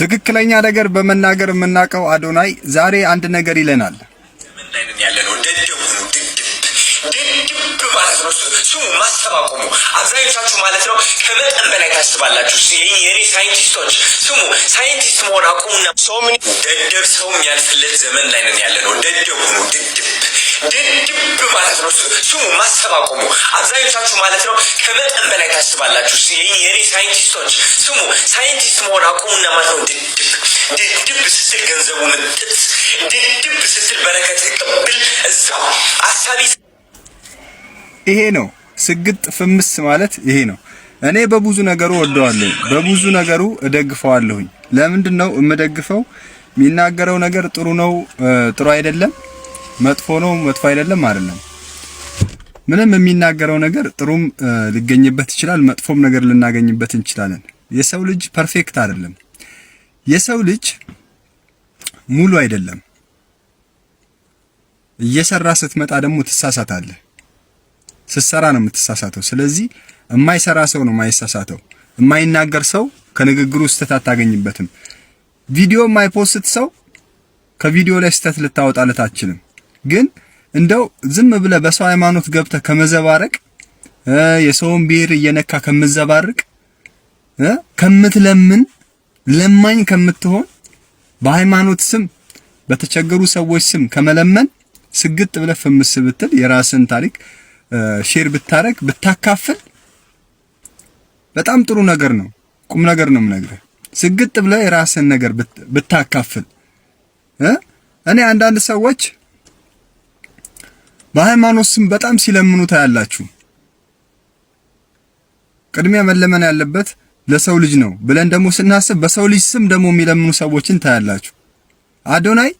ትክክለኛ ነገር በመናገር የምናውቀው አዶናይ ዛሬ አንድ ነገር ይለናል። ማስተባቆሙ አብዛኞቻችሁ ማለት ነው ከመጠን በላይ ታስባላችሁ። የኔ ሳይንቲስቶች ስሙ፣ ሳይንቲስት መሆን አቁሙና ሰው ምን ደደብ ሰው የሚያልፍለት ዘመን ላይ ነን ያለ ነው። ደደብ ሁኑ፣ ድድብ ማለት ነው። ስሙ ማሰብ አቁሙ። አብዛኞቻችሁ ማለት ነው ከመጠን በላይ ታስባላችሁ። የኔ ሳይንቲስቶች ስሙ ሳይንቲስት መሆን አቁሙና ማለት ነው። ድድብ ድድብ ስትል ገንዘቡ ምጥጥ፣ ድድብ ስትል በረከት ቅብል እዛው አሳቢ ይሄ ነው። ስግጥ ፍምስ ማለት ይሄ ነው። እኔ በብዙ ነገሩ ወደዋለሁ፣ በብዙ ነገሩ እደግፈዋለሁኝ። ለምንድን ነው የምደግፈው? የሚናገረው ነገር ጥሩ ነው፣ ጥሩ አይደለም፣ መጥፎ ነው፣ መጥፎ አይደለም አይደለም ምንም የሚናገረው ነገር ጥሩም ሊገኝበት ይችላል፣ መጥፎም ነገር ልናገኝበት እንችላለን። የሰው ልጅ ፐርፌክት አይደለም። የሰው ልጅ ሙሉ አይደለም። እየሰራ ስትመጣ ደግሞ ትሳሳታለህ። ስትሰራ ነው የምትሳሳተው። ስለዚህ የማይሰራ ሰው ነው የማይሳሳተው። የማይናገር ሰው ከንግግሩ ስህተት አታገኝበትም። ቪዲዮ የማይፖስት ሰው ከቪዲዮ ላይ ስህተት ልታወጣለት አትችልም ግን እንደው ዝም ብለ በሰው ሃይማኖት ገብተ ከመዘባረቅ የሰውን ብሔር እየነካ ከምዘባርቅ ከምትለምን ለማኝ ከምትሆን በሃይማኖት ስም በተቸገሩ ሰዎች ስም ከመለመን ስግጥ ብለ ፍምስ ብትል የራስን ታሪክ ሼር ብታረግ ብታካፍል በጣም ጥሩ ነገር ነው። ቁም ነገር ነው የምነግርህ። ስግጥ ብለ የራስን ነገር ብታካፍል እኔ አንዳንድ ሰዎች በሃይማኖት ስም በጣም ሲለምኑ ታያላችሁ። ቅድሚያ መለመን ያለበት ለሰው ልጅ ነው ብለን ደግሞ ስናስብ በሰው ልጅ ስም ደግሞ የሚለምኑ ሰዎችን ታያላችሁ። አዶናይ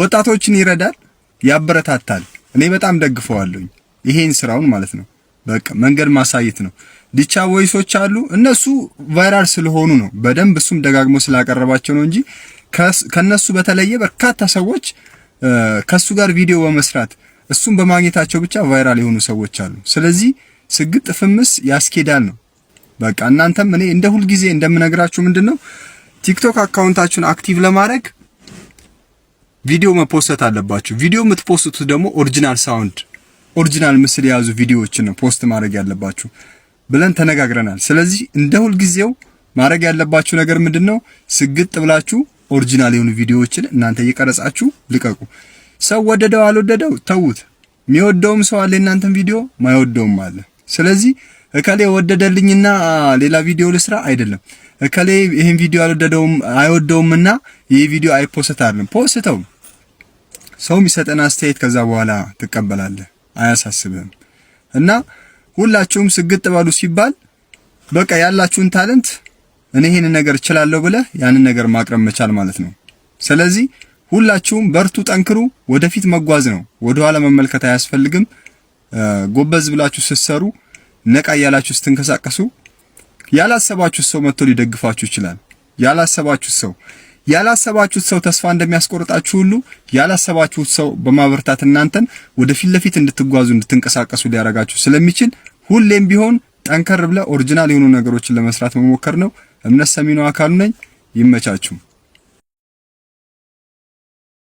ወጣቶችን ይረዳል፣ ያበረታታል። እኔ በጣም ደግፈዋለሁኝ ይሄን ስራውን ማለት ነው። በቃ መንገድ ማሳየት ነው። ዲቻ ቮይሶች አሉ እነሱ ቫይራል ስለሆኑ ነው በደንብ እሱም ደጋግሞ ስላቀረባቸው ነው እንጂ ከነሱ በተለየ በርካታ ሰዎች ከሱ ጋር ቪዲዮ በመስራት እሱን በማግኘታቸው ብቻ ቫይራል የሆኑ ሰዎች አሉ። ስለዚህ ስግጥ ፍምስ ያስኬዳል ነው በቃ። እናንተም እኔ እንደ ጊዜ እንደምነግራችሁ ምንድነው ቲክቶክ አካውንታችሁን አክቲቭ ለማድረግ ቪዲዮ መፖሰት አለባችሁ። ቪዲዮ የምትፖስቱት ደግሞ ኦሪጂናል ሳውንድ፣ ኦሪጂናል ምስል የያዙ ቪዲዮዎችን ነው ፖስት ማድረግ ያለባችሁ ብለን ተነጋግረናል። ስለዚህ እንደ ጊዜው ማድረግ ያለባችሁ ነገር ምንድነው ስግጥ ብላችሁ ኦሪጂናል የሆኑ ቪዲዮዎችን እናንተ እየቀረጻችሁ ልቀቁ። ሰው ወደደው አልወደደው ተዉት። የሚወደውም ሰው አለ፣ እናንተን ቪዲዮ ማይወደውም አለ። ስለዚህ እከሌ ወደደልኝና ሌላ ቪዲዮ ልስራ አይደለም። እከሌ ይሄን ቪዲዮ አልወደደውም አይወደውምና ይሄ ቪዲዮ አይፖስት አይደለም። ፖስተው ሰው የሚሰጠን አስተያየት ከዛ በኋላ ትቀበላለህ፣ አያሳስብህም። እና ሁላችሁም ስግጥ በሉ ሲባል በቃ ያላችሁን ታለንት እኔ ይሄን ነገር እችላለሁ ብለህ ያንን ነገር ማቅረብ መቻል ማለት ነው። ስለዚህ ሁላችሁም በርቱ፣ ጠንክሩ። ወደፊት መጓዝ ነው፣ ወደኋላ መመልከት አያስፈልግም። ጎበዝ ብላችሁ ስትሰሩ፣ ነቃ እያላችሁ ስትንቀሳቀሱ፣ ያላሰባችሁት ሰው መጥቶ ሊደግፋችሁ ይችላል። ያላሰባችሁት ሰው ያላሰባችሁት ሰው ተስፋ እንደሚያስቆርጣችሁ ሁሉ ያላሰባችሁት ሰው በማበርታት እናንተን ወደፊት ለፊት እንድትጓዙ እንድትንቀሳቀሱ ሊያረጋችሁ ስለሚችል ሁሌም ቢሆን ጠንከር ብለ ኦሪጂናል የሆኑ ነገሮችን ለመስራት መሞከር ነው። እምነት ሰሚኖ አካሉ ነኝ። ይመቻችሁ።